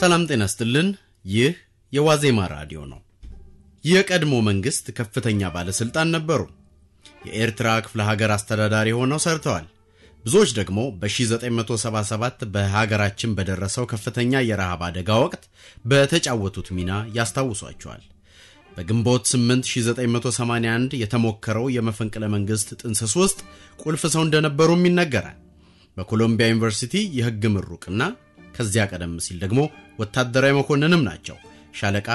ሰላም ጤና ስትልን ይህ የዋዜማ ራዲዮ ነው። የቀድሞ መንግሥት ከፍተኛ ባለሥልጣን ነበሩ። የኤርትራ ክፍለ ሀገር አስተዳዳሪ ሆነው ሰርተዋል። ብዙዎች ደግሞ በ1977 በሀገራችን በደረሰው ከፍተኛ የረሃብ አደጋ ወቅት በተጫወቱት ሚና ያስታውሷቸዋል። በግንቦት 8 1981 የተሞከረው የመፈንቅለ መንግሥት ጥንስስ ውስጥ ቁልፍ ሰው እንደነበሩም ይነገራል። በኮሎምቢያ ዩኒቨርሲቲ የሕግ ምሩቅና ከዚያ ቀደም ሲል ደግሞ ወታደራዊ መኮንንም ናቸው። ሻለቃ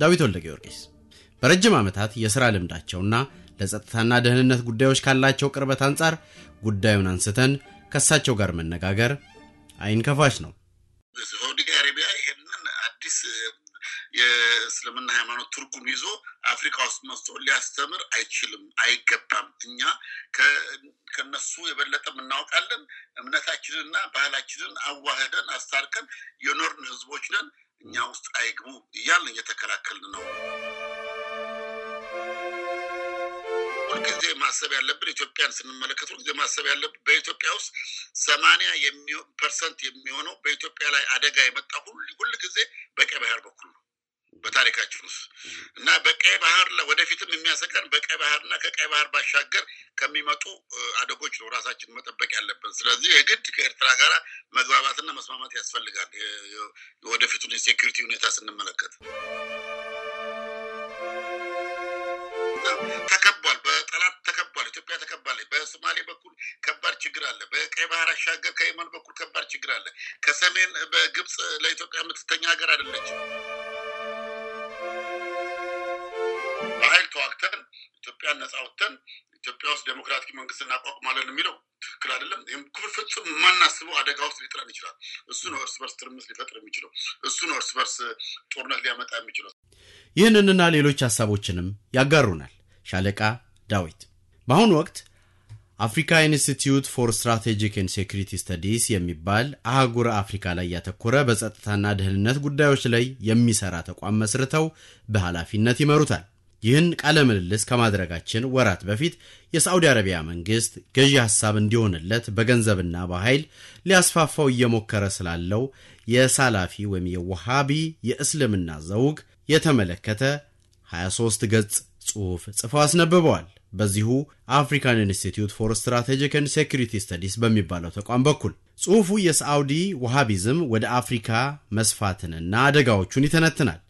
ዳዊት ወልደ ጊዮርጊስ በረጅም ዓመታት የሥራ ልምዳቸውና ለጸጥታና ደህንነት ጉዳዮች ካላቸው ቅርበት አንጻር ጉዳዩን አንስተን ከእሳቸው ጋር መነጋገር አይን ከፋች ነው። አረቢያ ይህንን አዲስ የእስልምና ሃይማኖት ትርጉም ይዞ አፍሪካ ውስጥ መስቶ ሊያስተምር አይችልም፣ አይገባም። እኛ ከነሱ የበለጠ እናውቃለን። እምነታችንንና ባህላችንን አዋህደን አስታርከን የኖርን ህዝቦች ነን። እኛ ውስጥ አይግቡ እያል እየተከላከልን ነው። ጊዜ ማሰብ ያለብን ኢትዮጵያን ስንመለከት ጊዜ ማሰብ ያለብን በኢትዮጵያ ውስጥ ሰማንያ ፐርሰንት የሚሆነው በኢትዮጵያ ላይ አደጋ የመጣ ጊዜ በቀይ ባህር በኩል ነው። በታሪካችን ውስጥ እና በቀይ ባህር ወደፊትም የሚያሰጋን በቀይ ባህርና ከቀይ ባህር ባሻገር ከሚመጡ አደጎች ነው ራሳችን መጠበቅ ያለብን። ስለዚህ የግድ ከኤርትራ ጋር መግባባትና መስማማት ያስፈልጋል። ወደፊቱን የሴኩሪቲ ሁኔታ ስንመለከት ተከቧል፣ በጠላት ተከቧል፣ ኢትዮጵያ ተከባለች። በሶማሌ በኩል ከባድ ችግር አለ። በቀይ ባህር አሻገር ከየመን በኩል ከባድ ችግር አለ። ከሰሜን በግብፅ ለኢትዮጵያ የምትተኛ ሀገር አይደለችም። ተዋግተን ኢትዮጵያን ነጻ አውጥተን ኢትዮጵያ ውስጥ ዴሞክራቲክ መንግስት እናቋቁማለን የሚለው ትክክል አይደለም። ይህም ክፍል ፍጹም የማናስበው አደጋ ውስጥ ሊጥለን ይችላል። እሱ ነው እርስ በርስ ትርምስ ሊፈጥር የሚችለው። እሱ ነው እርስ በርስ ጦርነት ሊያመጣ የሚችለው። ይህንንና ሌሎች ሀሳቦችንም ያጋሩናል ሻለቃ ዳዊት። በአሁኑ ወቅት አፍሪካ ኢንስቲትዩት ፎር ስትራቴጂክ ን ሴኩሪቲ ስተዲስ የሚባል አህጉር አፍሪካ ላይ ያተኮረ በጸጥታና ደህንነት ጉዳዮች ላይ የሚሰራ ተቋም መስርተው በኃላፊነት ይመሩታል። ይህን ቃለ ምልልስ ከማድረጋችን ወራት በፊት የሳዑዲ አረቢያ መንግስት ገዢ ሐሳብ እንዲሆንለት በገንዘብና በኃይል ሊያስፋፋው እየሞከረ ስላለው የሳላፊ ወይም የወሃቢ የእስልምና ዘውግ የተመለከተ 23 ገጽ ጽሑፍ ጽፈው አስነብበዋል። በዚሁ አፍሪካን ኢንስቲትዩት ፎር ስትራቴጂክ ን ሴኩሪቲ ስተዲስ በሚባለው ተቋም በኩል ጽሑፉ የሳዑዲ ወሃቢዝም ወደ አፍሪካ መስፋትንና አደጋዎቹን ይተነትናል።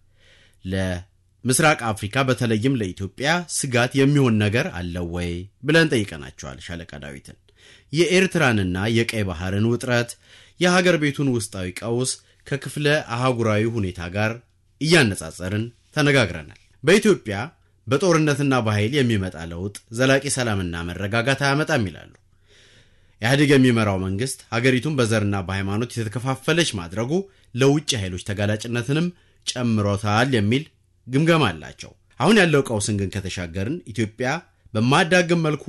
ምስራቅ አፍሪካ በተለይም ለኢትዮጵያ ስጋት የሚሆን ነገር አለው ወይ ብለን ጠይቀናቸዋል ሻለቃ ዳዊትን። የኤርትራንና የቀይ ባህርን ውጥረት፣ የሀገር ቤቱን ውስጣዊ ቀውስ ከክፍለ አህጉራዊ ሁኔታ ጋር እያነጻጸርን ተነጋግረናል። በኢትዮጵያ በጦርነትና በኃይል የሚመጣ ለውጥ ዘላቂ ሰላምና መረጋጋት አያመጣም ይላሉ። ኢህአዴግ የሚመራው መንግስት ሀገሪቱን በዘርና በሃይማኖት የተከፋፈለች ማድረጉ ለውጭ ኃይሎች ተጋላጭነትንም ጨምሮታል የሚል ግምገማ አላቸው። አሁን ያለው ቀውስን ግን ከተሻገርን ኢትዮጵያ በማዳግም መልኩ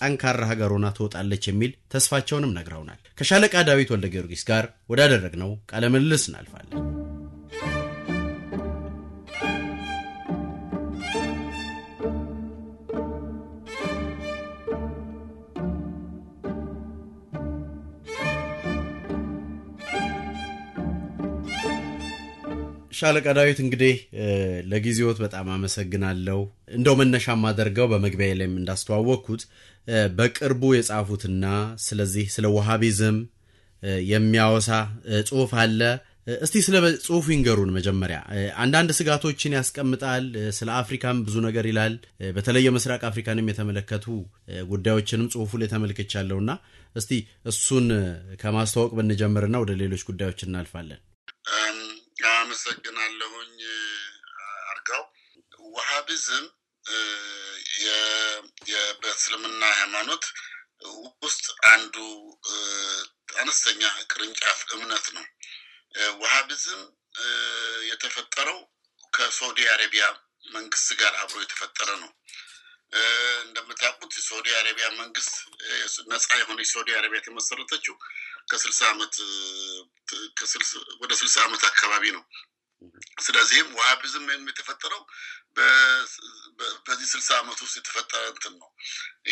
ጠንካራ ሀገር ሆና ትወጣለች የሚል ተስፋቸውንም ነግረውናል። ከሻለቃ ዳዊት ወልደ ጊዮርጊስ ጋር ወዳደረግነው ቃለ ምልልስ እናልፋለን። ሻለቃ ዳዊት እንግዲህ ለጊዜዎት በጣም አመሰግናለሁ። እንደው መነሻ የማደርገው በመግቢያ ላይም እንዳስተዋወቅኩት በቅርቡ የጻፉትና ስለዚህ ስለ ዋሃቢዝም የሚያወሳ ጽሁፍ አለ። እስቲ ስለ ጽሁፉ ይንገሩን። መጀመሪያ አንዳንድ ስጋቶችን ያስቀምጣል። ስለ አፍሪካም ብዙ ነገር ይላል። በተለይ የምስራቅ አፍሪካንም የተመለከቱ ጉዳዮችንም ጽሁፉ ላይ ና እስቲ እሱን ከማስተዋወቅ ብንጀምርና ወደ ሌሎች ጉዳዮች እናልፋለን። አመሰግናለሁኝ አርጋው። ውሃቢዝም በእስልምና ሃይማኖት ውስጥ አንዱ አነስተኛ ቅርንጫፍ እምነት ነው። ውሃቢዝም የተፈጠረው ከሳውዲ አረቢያ መንግስት ጋር አብሮ የተፈጠረ ነው። እንደምታውቁት የሳውዲ አረቢያ መንግስት ነፃ የሆነ ሳውዲ አረቢያ የተመሰረተችው ከስልሳ ዓመት ወደ ስልሳ ዓመት አካባቢ ነው። ስለዚህም ዋሃቢዝም የተፈጠረው በዚህ ስልሳ ዓመት ውስጥ የተፈጠረ እንትን ነው።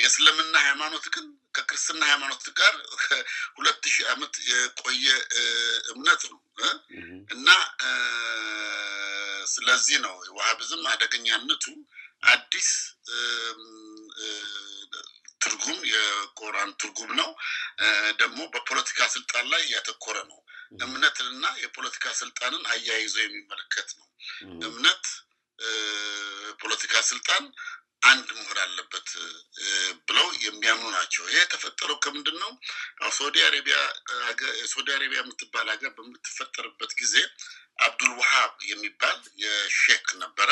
የእስልምና ሃይማኖት ግን ከክርስትና ሃይማኖት ጋር ሁለት ሺህ ዓመት የቆየ እምነት ነው እና ስለዚህ ነው ዋሃቢዝም አደገኛነቱ አዲስ ትርጉም የቆራን ትርጉም ነው። ደግሞ በፖለቲካ ስልጣን ላይ እያተኮረ ነው። እምነትንና የፖለቲካ ስልጣንን አያይዞ የሚመለከት ነው። እምነት፣ ፖለቲካ፣ ስልጣን አንድ መሆን አለበት ብለው የሚያምኑ ናቸው። ይሄ የተፈጠረው ከምንድን ነው? ሳውዲ አረቢያ ሳውዲ አረቢያ የምትባል ሀገር በምትፈጠርበት ጊዜ አብዱል ወሃብ የሚባል የሼክ ነበረ።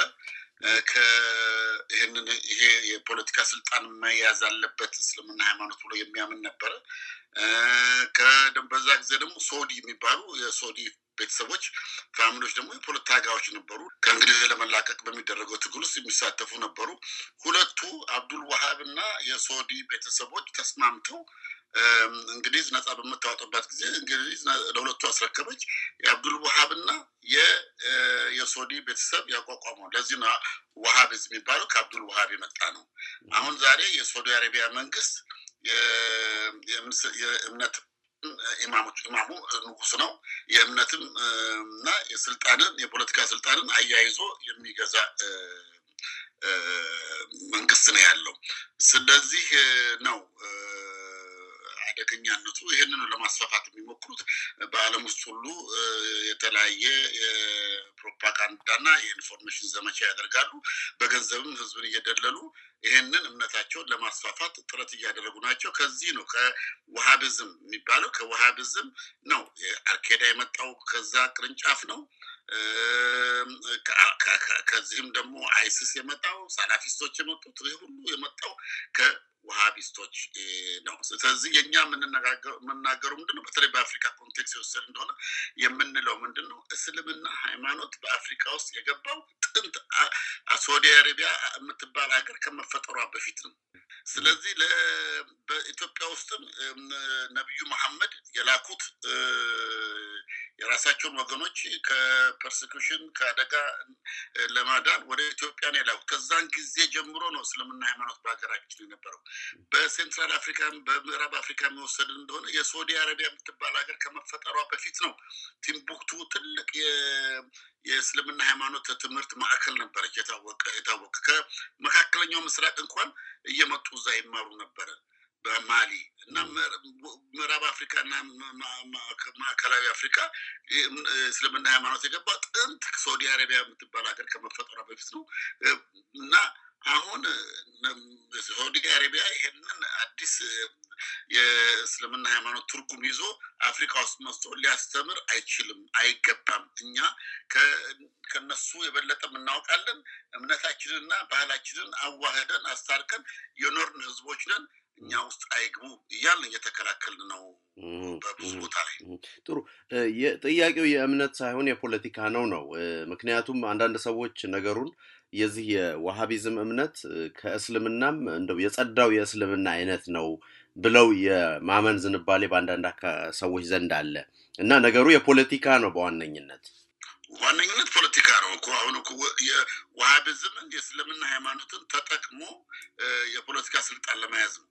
ይህንን ይሄ የፖለቲካ ስልጣን መያዝ አለበት እስልምና ሃይማኖት ብሎ የሚያምን ነበረ። በዛ ጊዜ ደግሞ ሶዲ የሚባሉ የሶዲ ቤተሰቦች ፋሚሊዎች ደግሞ የፖለታጋዎች ነበሩ። ከእንግሊዝ ለመላቀቅ በሚደረገው ትግል ውስጥ የሚሳተፉ ነበሩ። ሁለቱ አብዱል ዋሃብ እና የሶዲ ቤተሰቦች ተስማምተው እንግሊዝ ነጻ በምታወጥበት ጊዜ እንግሊዝ ለሁለቱ አስረከበች። የአብዱል ና የሶዲ ቤተሰብ ያቋቋመው ለዚህ ነው ዝ የሚባለው ከአብዱል ውሃብ የመጣ ነው። አሁን ዛሬ የሳውዲ አረቢያ መንግስት የእምነት ኢማሞች ኢማሙ ንጉስ ነው። የእምነትም እና የስልጣንን የፖለቲካ ስልጣንን አያይዞ የሚገዛ መንግስት ነው ያለው። ስለዚህ ነው አደገኛነቱ ይህንን ለማስፋፋት የሚሞክሩት በዓለም ውስጥ ሁሉ የተለያየ ፕሮፓጋንዳና የኢንፎርሜሽን ዘመቻ ያደርጋሉ። በገንዘብም ህዝብን እየደለሉ ይህንን እምነታቸውን ለማስፋፋት ጥረት እያደረጉ ናቸው። ከዚህ ነው ከውሃብዝም የሚባለው ከውሃብዝም ነው አርኬዳ የመጣው ከዛ ቅርንጫፍ ነው። ከዚህም ደግሞ አይሲስ የመጣው ሳላፊስቶች የመጡት ይህ ሁሉ የመጣው ውሃቢስቶች ነው። ስለዚህ የእኛ የምንናገረው ምንድን ነው? በተለይ በአፍሪካ ኮንቴክስት የወሰድ እንደሆነ የምንለው ምንድን ነው? እስልምና ሃይማኖት በአፍሪካ ውስጥ የገባው ጥንት ሳውዲ አረቢያ የምትባል ሀገር ከመፈጠሯ በፊት ነው። ስለዚህ በኢትዮጵያ ውስጥም ነቢዩ መሐመድ የላኩት የራሳቸውን ወገኖች ከፐርሴኩሽን ከአደጋ ለማዳን ወደ ኢትዮጵያ ነው የላኩት። ከዛን ጊዜ ጀምሮ ነው እስልምና ሃይማኖት በሀገራችን የነበረው። በሴንትራል አፍሪካ በምዕራብ አፍሪካ የሚወሰድን እንደሆነ የሳውዲ አረቢያ የምትባል ሀገር ከመፈጠሯ በፊት ነው። ቲምቡክቱ ትልቅ የእስልምና ሃይማኖት ትምህርት ማዕከል ነበረች። የታወቀ ከመካከለኛው ምስራቅ እንኳን እየመጡ እዛ ይማሩ ነበረ። በማሊ እና ምዕራብ አፍሪካ እና ማዕከላዊ አፍሪካ እስልምና ሃይማኖት የገባ ጥንት ሳውዲ አረቢያ የምትባል ሀገር ከመፈጠሯ በፊት ነው እና አሁን ሳውዲ አረቢያ ይሄንን አዲስ የእስልምና ሃይማኖት ትርጉም ይዞ አፍሪካ ውስጥ መስቶ ሊያስተምር አይችልም፣ አይገባም። እኛ ከነሱ የበለጠ እናውቃለን። እምነታችንንና ባህላችንን አዋህደን አስታርቀን የኖርን ህዝቦች ነን። እኛ ውስጥ አይግቡ እያልን እየተከላከልን ነው። በብዙ ቦታ ላይ ጥሩ ጥያቄው የእምነት ሳይሆን የፖለቲካ ነው ነው ምክንያቱም አንዳንድ ሰዎች ነገሩን የዚህ የዋሃቢዝም እምነት ከእስልምናም እንደው የጸዳው የእስልምና አይነት ነው ብለው የማመን ዝንባሌ በአንዳንድ ሰዎች ዘንድ አለ እና ነገሩ የፖለቲካ ነው። በዋነኝነት ዋነኝነት ፖለቲካ ነው እኮ አሁን የዋሃቢዝምን የእስልምና ሃይማኖትን ተጠቅሞ የፖለቲካ ስልጣን ለመያዝ ነው።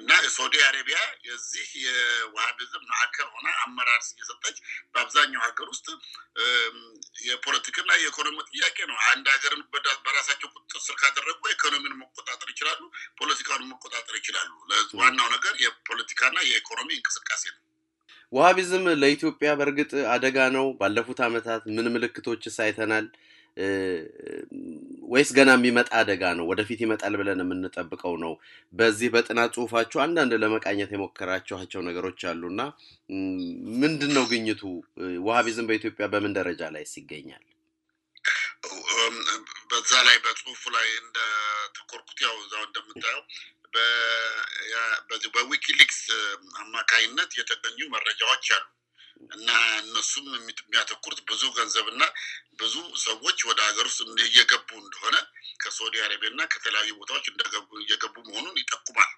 እና ሳውዲ አረቢያ የዚህ የዋሃቢዝም ማዕከል ሆና አመራር እየሰጠች በአብዛኛው ሀገር ውስጥ የፖለቲካና የኢኮኖሚ ጥያቄ ነው። አንድ ሀገርን በራሳቸው ቁጥጥር ስር ካደረጉ ኢኮኖሚን መቆጣጠር ይችላሉ፣ ፖለቲካውን መቆጣጠር ይችላሉ። ዋናው ነገር የፖለቲካና የኢኮኖሚ እንቅስቃሴ ነው። ዋሃቢዝም ለኢትዮጵያ በእርግጥ አደጋ ነው። ባለፉት ዓመታት ምን ምልክቶች አይተናል? ወይስ ገና የሚመጣ አደጋ ነው? ወደፊት ይመጣል ብለን የምንጠብቀው ነው? በዚህ በጥናት ጽሁፋችሁ አንዳንድ ለመቃኘት የሞከራችኋቸው ነገሮች አሉና ምንድን ነው ግኝቱ? ውሃቢዝም በኢትዮጵያ በምን ደረጃ ላይ ይገኛል? በዛ ላይ በጽሁፉ ላይ እንደ ተኮርኩት ያው እዛው እንደምታየው በዊኪሊክስ አማካይነት የተገኙ መረጃዎች አሉ እና እነሱም የሚያተኩሩት ብዙ ገንዘብና ብዙ ሰዎች ወደ ሀገር ውስጥ እየገቡ እንደሆነ ከሳዑዲ አረቢያ እና ከተለያዩ ቦታዎች እየገቡ መሆኑን ይጠቁማል።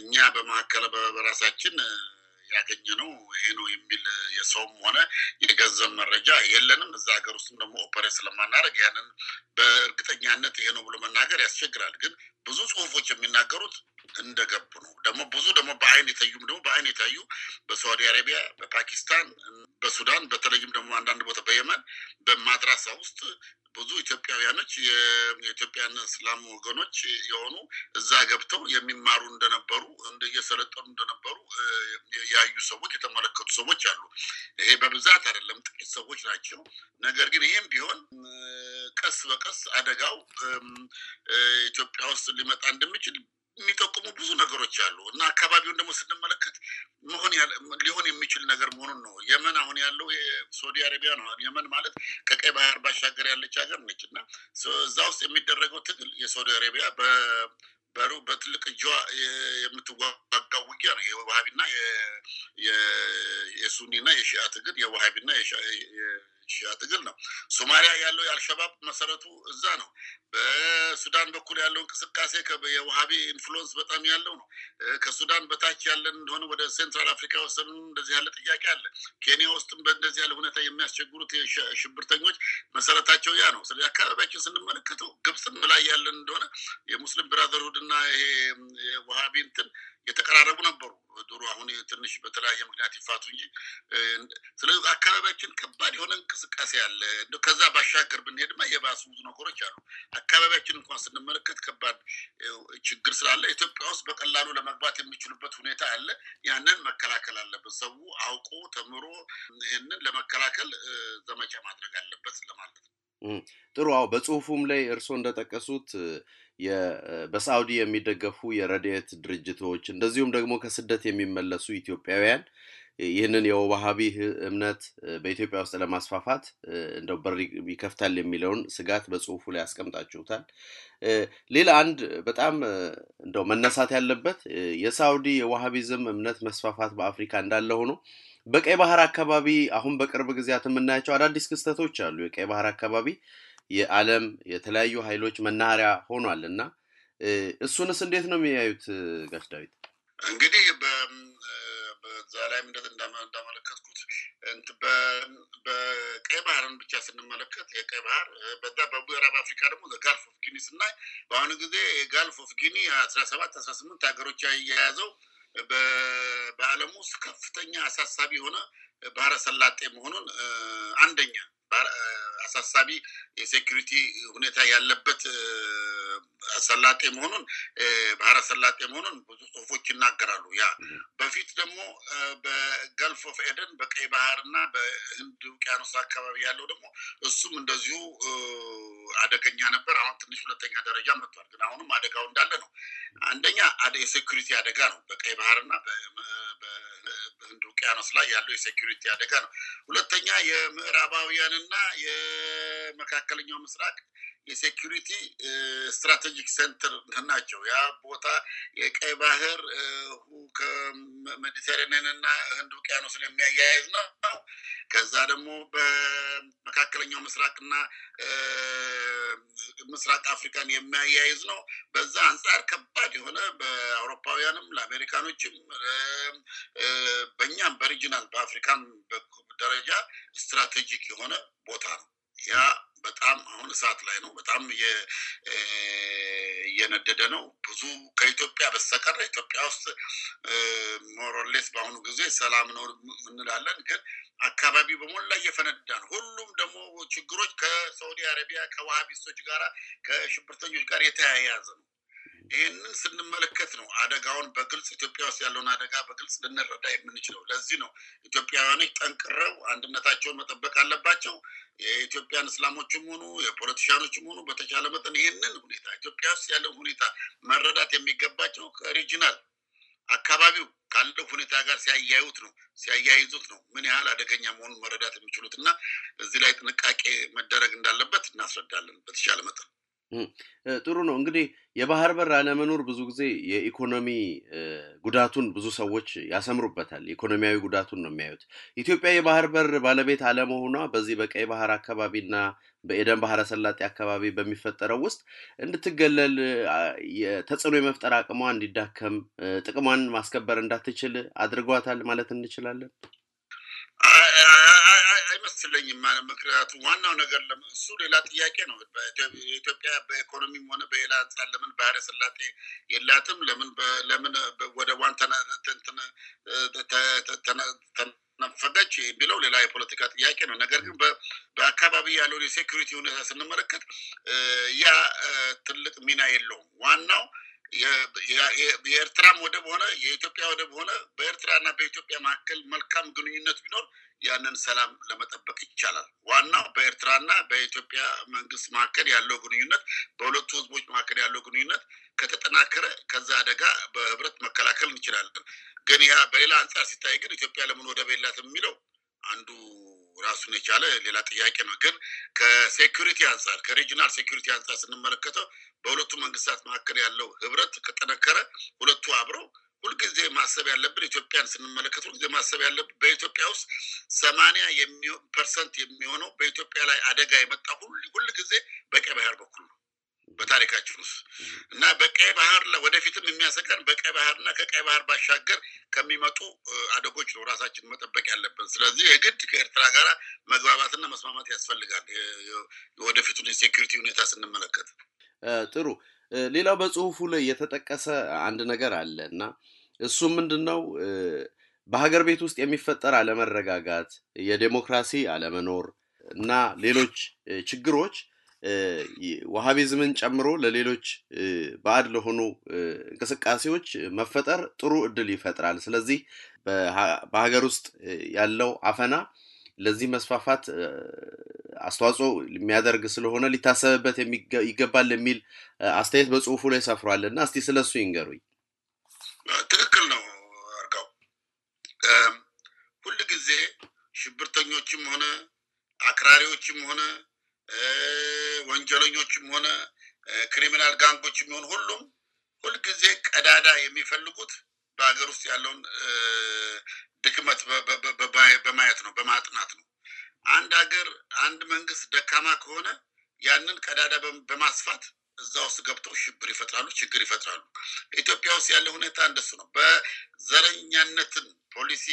እኛ በመካከል በራሳችን ነው ይሄ ነው የሚል የሰውም ሆነ የገንዘብ መረጃ የለንም። እዛ ሀገር ውስጥም ደግሞ ኦፐሬት ስለማናደርግ ያንን በእርግጠኛነት ይሄ ነው ብሎ መናገር ያስቸግራል። ግን ብዙ ጽሁፎች የሚናገሩት እንደገቡ ነው። ደግሞ ብዙ ደግሞ በአይን የታዩም ደግሞ በአይን የታዩ በሳዑዲ አረቢያ፣ በፓኪስታን፣ በሱዳን በተለይም ደግሞ አንዳንድ ቦታ በየመን በማድራሳ ውስጥ ብዙ ኢትዮጵያውያኖች የኢትዮጵያን እስላም ወገኖች የሆኑ እዛ ገብተው የሚማሩ እንደነበሩ እየሰለጠኑ እንደነበሩ ያዩ ሰዎች የተመለከቱ ሰዎች አሉ። ይሄ በብዛት አይደለም፣ ጥቂት ሰዎች ናቸው። ነገር ግን ይህም ቢሆን ቀስ በቀስ አደጋው ኢትዮጵያ ውስጥ ሊመጣ እንደሚችል የሚጠቁሙ ብዙ ነገሮች አሉ እና አካባቢውን ደግሞ ስንመለከት ሊሆን የሚችል ነገር መሆኑን ነው። የመን አሁን ያለው ሳውዲ አረቢያ ነው። የመን ማለት ከቀይ ባህር ባሻገር ያለች ሀገር ነች እና እዛ ውስጥ የሚደረገው ትግል የሳውዲ አረቢያ በሩ በትልቅ እጇ የምትዋጋው ውጊያ ነው። የዋሃቢና የሱኒና የሺአ ትግል የዋሃቢና ትግል ነው። ሶማሊያ ያለው የአልሸባብ መሰረቱ እዛ ነው። በሱዳን በኩል ያለው እንቅስቃሴ የውሃቢ ኢንፍሉወንስ በጣም ያለው ነው። ከሱዳን በታች ያለን እንደሆነ ወደ ሴንትራል አፍሪካ ወሰኑ እንደዚህ ያለ ጥያቄ አለ። ኬንያ ውስጥም በእንደዚህ ያለ ሁኔታ የሚያስቸግሩት ሽብርተኞች መሰረታቸው ያ ነው። ስለዚህ አካባቢያችን ስንመለከተው ግብፅም ላይ ያለን እንደሆነ የሙስሊም ብራዘርሁድ እና ይሄ ውሃቢ እንትን የተቀራረቡ ነበሩ። ድሮ አሁን ትንሽ በተለያየ ምክንያት ይፋቱ እንጂ ስለዚህ አካባቢያችን ከባድ የሆነ እንቅስቃሴ አለ። ከዛ ባሻገር ብንሄድማ የባሱ ብዙ ነገሮች አሉ። አካባቢያችን እንኳን ስንመለከት ከባድ ችግር ስላለ ኢትዮጵያ ውስጥ በቀላሉ ለመግባት የሚችሉበት ሁኔታ አለ። ያንን መከላከል አለበት። ሰው አውቆ ተምሮ ይህንን ለመከላከል ዘመቻ ማድረግ አለበት ለማለት ነው። ጥሩ። አዎ በጽሁፉም ላይ እርስዎ እንደጠቀሱት በሳውዲ የሚደገፉ የረድኤት ድርጅቶች እንደዚሁም ደግሞ ከስደት የሚመለሱ ኢትዮጵያውያን ይህንን የወባሃቢ እምነት በኢትዮጵያ ውስጥ ለማስፋፋት እንደው በር ይከፍታል የሚለውን ስጋት በጽሁፉ ላይ አስቀምጣችሁታል። ሌላ አንድ በጣም እንደው መነሳት ያለበት የሳውዲ የዋሃቢዝም እምነት መስፋፋት በአፍሪካ እንዳለ ሆኖ በቀይ ባህር አካባቢ አሁን በቅርብ ጊዜያት የምናያቸው አዳዲስ ክስተቶች አሉ። የቀይ ባህር አካባቢ የዓለም የተለያዩ ኃይሎች መናኸሪያ ሆኗል እና እሱንስ እንዴት ነው የሚያዩት ጋሽ ዳዊት? እንግዲህ በዛ ላይ ምንደት እንዳመለከትኩት በቀይ ባህርን ብቻ ስንመለከት የቀይ ባህር በዛ በምዕራብ አፍሪካ ደግሞ ጋልፍ ኦፍ ጊኒ ስናይ በአሁኑ ጊዜ የጋልፍ ኦፍ ጊኒ አስራ ሰባት አስራ ስምንት ሀገሮች የያዘው በዓለም ውስጥ ከፍተኛ አሳሳቢ የሆነ ባህረ ሰላጤ መሆኑን አንደኛ አሳሳቢ የሴኩሪቲ ሁኔታ ያለበት ሰላጤ መሆኑን ባህረ ሰላጤ መሆኑን ብዙ ጽሁፎች ይናገራሉ። ያ በፊት ደግሞ በገልፍ ኦፍ ኤደን በቀይ ባህር እና በህንድ ውቅያኖስ አካባቢ ያለው ደግሞ እሱም እንደዚሁ አደገኛ ነበር። አሁን ትንሽ ሁለተኛ ደረጃ መጥቷል። ግን አሁንም አደጋው እንዳለ ነው። አንደኛ የሴኩሪቲ አደጋ ነው። በቀይ ባህርና በህንድ ውቅያኖስ ላይ ያለው የሴኩሪቲ አደጋ ነው። ሁለተኛ የምዕራባውያንን እና የመካከለኛው ምስራቅ የሴኪሪቲ ስትራቴጂክ ሴንተር ናቸው። ያ ቦታ የቀይ ባህር ከሜዲቴሬኒያን እና ህንድ ውቅያኖስን የሚያያይዝ ነው። ከዛ ደግሞ በመካከለኛው ምስራቅና ምስራቅ አፍሪካን የሚያያይዝ ነው። በዛ አንጻር ከባድ የሆነ በአውሮፓውያንም ለአሜሪካኖችም በእኛም በሪጅናል በአፍሪካን ደረጃ ስትራቴጂክ የሆነ ቦታ ነው ያ በጣም አሁን እሳት ላይ ነው። በጣም እየነደደ ነው። ብዙ ከኢትዮጵያ በስተቀር ኢትዮጵያ ውስጥ ሞሮሌስ በአሁኑ ጊዜ ሰላም ነው እንላለን፣ ግን አካባቢ በሞላ እየፈነዳ ነው። ሁሉም ደግሞ ችግሮች ከሳውዲ አረቢያ ከዋሃቢስቶች ጋራ ከሽብርተኞች ጋር የተያያዘ ነው። ይህንን ስንመለከት ነው አደጋውን በግልጽ ኢትዮጵያ ውስጥ ያለውን አደጋ በግልጽ ልንረዳ የምንችለው። ለዚህ ነው ኢትዮጵያውያኖች ጠንቅረው አንድነታቸውን መጠበቅ አለባቸው። የኢትዮጵያን እስላሞችም ሆኑ የፖለቲሻኖችም ሆኑ በተቻለ መጠን ይህንን ሁኔታ ኢትዮጵያ ውስጥ ያለው ሁኔታ መረዳት የሚገባቸው ከሪጂናል አካባቢው ካለው ሁኔታ ጋር ሲያያዩት ነው ሲያያይዙት ነው ምን ያህል አደገኛ መሆኑን መረዳት የሚችሉት እና እዚህ ላይ ጥንቃቄ መደረግ እንዳለበት እናስረዳለን በተቻለ መጠን። ጥሩ ነው እንግዲህ የባህር በር አለመኖር ብዙ ጊዜ የኢኮኖሚ ጉዳቱን ብዙ ሰዎች ያሰምሩበታል። ኢኮኖሚያዊ ጉዳቱን ነው የሚያዩት። ኢትዮጵያ የባህር በር ባለቤት አለመሆኗ በዚህ በቀይ ባህር አካባቢና በኤደን ባህረ ሰላጤ አካባቢ በሚፈጠረው ውስጥ እንድትገለል ተጽዕኖ የመፍጠር አቅሟ እንዲዳከም፣ ጥቅሟን ማስከበር እንዳትችል አድርጓታል ማለት እንችላለን። አይመስለኝም። ምክንያቱም ዋናው ነገር እሱ ሌላ ጥያቄ ነው። ኢትዮጵያ በኢኮኖሚም ሆነ በሌላ አንጻር ለምን ባህረ ስላጤ የላትም? ለምን ለምን ወደ ዋን የሚለው ሌላ የፖለቲካ ጥያቄ ነው። ነገር ግን በአካባቢ ያለውን የሴኩሪቲ ሁኔታ ስንመለከት ያ ትልቅ ሚና የለውም። ዋናው የኤርትራም ወደብ ሆነ የኢትዮጵያ ወደብ ሆነ በኤርትራና በኢትዮጵያ መካከል መልካም ግንኙነት ቢኖር ያንን ሰላም ለመጠበቅ ይቻላል። ዋናው በኤርትራና በኢትዮጵያ መንግስት መካከል ያለው ግንኙነት፣ በሁለቱ ህዝቦች መካከል ያለው ግንኙነት ከተጠናከረ ከዛ አደጋ በህብረት መከላከል እንችላለን። ግን ያ በሌላ አንጻር ሲታይ ግን ኢትዮጵያ ለምን ወደብ የላትም የሚለው አንዱ ራሱን የቻለ ሌላ ጥያቄ ነው። ግን ከሴኩሪቲ አንጻር ከሪጂናል ሴኩሪቲ አንጻር ስንመለከተው በሁለቱ መንግስታት መካከል ያለው ህብረት ከጠነከረ ሁለቱ አብረው ሁልጊዜ ማሰብ ያለብን ኢትዮጵያን ስንመለከት ሁልጊዜ ማሰብ ያለብን በኢትዮጵያ ውስጥ ሰማንያ ፐርሰንት የሚሆነው በኢትዮጵያ ላይ አደጋ የመጣ ጊዜ በቀይ ባህር በኩል ነው በታሪካችን ውስጥ እና በቀይ ባህር ወደፊትም የሚያሰጋን በቀይ ባህር እና ከቀይ ባህር ባሻገር ከሚመጡ አደጎች ነው ራሳችን መጠበቅ ያለብን። ስለዚህ የግድ ከኤርትራ ጋር መግባባትና መስማማት ያስፈልጋል። ወደፊቱን የሴኪሪቲ ሁኔታ ስንመለከት ጥሩ ሌላው በጽሁፉ ላይ የተጠቀሰ አንድ ነገር አለ እና እሱ ምንድን ነው? በሀገር ቤት ውስጥ የሚፈጠር አለመረጋጋት፣ የዴሞክራሲ አለመኖር እና ሌሎች ችግሮች ዋሃቢዝምን ጨምሮ ለሌሎች በአድ ለሆኑ እንቅስቃሴዎች መፈጠር ጥሩ እድል ይፈጥራል። ስለዚህ በሀገር ውስጥ ያለው አፈና ለዚህ መስፋፋት አስተዋጽኦ የሚያደርግ ስለሆነ ሊታሰብበት ይገባል የሚል አስተያየት በጽሁፉ ላይ ሰፍሯል እና እስቲ ስለ እሱ ይንገሩኝ። ትክክል ነው አርጋው። ሁል ጊዜ ሽብርተኞችም ሆነ አክራሪዎችም ሆነ ወንጀለኞችም ሆነ ክሪሚናል ጋንጎች ሆን ሁሉም ሁልጊዜ ቀዳዳ የሚፈልጉት በሀገር ውስጥ ያለውን ድክመት በማየት ነው፣ በማጥናት ነው። አንድ ሀገር አንድ መንግስት ደካማ ከሆነ ያንን ቀዳዳ በማስፋት እዛ ውስጥ ገብተው ሽብር ይፈጥራሉ፣ ችግር ይፈጥራሉ። ኢትዮጵያ ውስጥ ያለ ሁኔታ እንደሱ ነው። በዘረኛነትን ፖሊሲ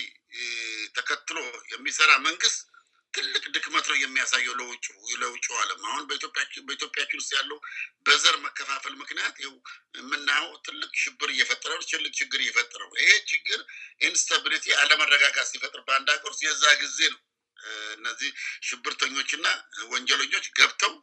ተከትሎ የሚሰራ መንግስት ትልቅ ድክመት ነው የሚያሳየው ለውጭ ለውጭ ዓለም አሁን በኢትዮጵያችን ውስጥ ያለው በዘር መከፋፈል ምክንያት ይኸው የምናየው ትልቅ ሽብር እየፈጠረ ትልቅ ችግር እየፈጠረው ይሄ ችግር ኢንስታቢሊቲ አለመረጋጋት ሲፈጥር በአንድ ሀገር ውስጥ የዛ ጊዜ ነው እነዚህ ሽብርተኞችና ወንጀለኞች ገብተው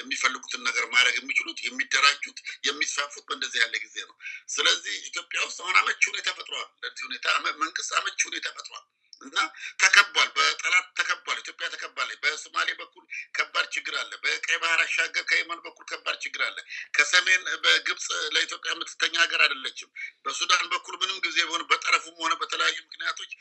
የሚፈልጉትን ነገር ማድረግ የሚችሉት የሚደራጁት የሚስፋፉት በእንደዚህ ያለ ጊዜ ነው። ስለዚህ ኢትዮጵያ ውስጥ አሁን አመች ሁኔታ ፈጥሯል። ለዚህ ሁኔታ መንግስት አመች ሁኔታ ፈጥሯል። እና ተከቧል፣ በጠላት ተከቧል። ኢትዮጵያ ተከባለች። በሶማሌ በኩል ከባድ ችግር አለ። በቀይ ባህር አሻገር ከየመን በኩል ከባድ ችግር አለ። ከሰሜን በግብፅ ለኢትዮጵያ የምትተኛ ሀገር አይደለችም። በሱዳን በኩል ምንም ጊዜ ቢሆን በጠረፉም ሆነ በተለያዩ ምክንያቶች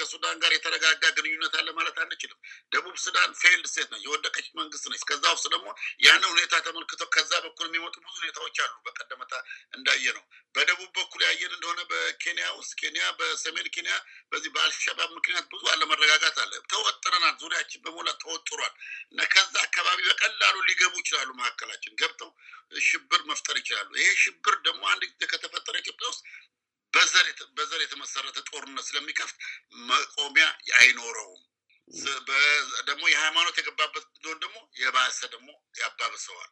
ከሱዳን ጋር የተረጋጋ ግንኙነት አለ ማለት አንችልም። ደቡብ ሱዳን ፌልድ ሴት ነች፣ የወደቀች መንግስት ነች። ከዛ ውስጥ ደግሞ ያንን ሁኔታ ተመልክተው ከዛ በኩል የሚመጡ ብዙ ሁኔታዎች አሉ። በቀደመታ እንዳየ ነው። በደቡብ በኩል ያየን እንደሆነ በኬንያ ውስጥ ኬንያ በሰሜን ኬንያ በዚህ በአልሸባብ ምክንያት ብዙ አለመረጋጋት አለ። ተወጥረናል። ዙሪያችን በሞላ ተወጥሯል እና ከዛ አካባቢ በቀላሉ ሊገቡ ይችላሉ። መካከላችን ገብተው ሽብር መፍጠር ይችላሉ። ይሄ ሽብር ደግሞ አንድ ጊዜ ከተፈጠረ ኢትዮጵያ ውስጥ በዘር የተመሰረተ ጦርነት ስለሚከፍት መቆሚያ አይኖረውም። ደግሞ የሃይማኖት የገባበት ቢሆን ደግሞ የባሰ ደግሞ ያባብሰዋል።